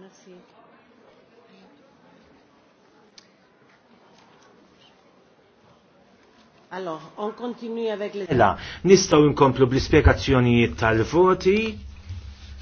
Merci. Allora, on continue avec le... Nistaw inkomplu bl-ispiegazzjonijiet tal-voti.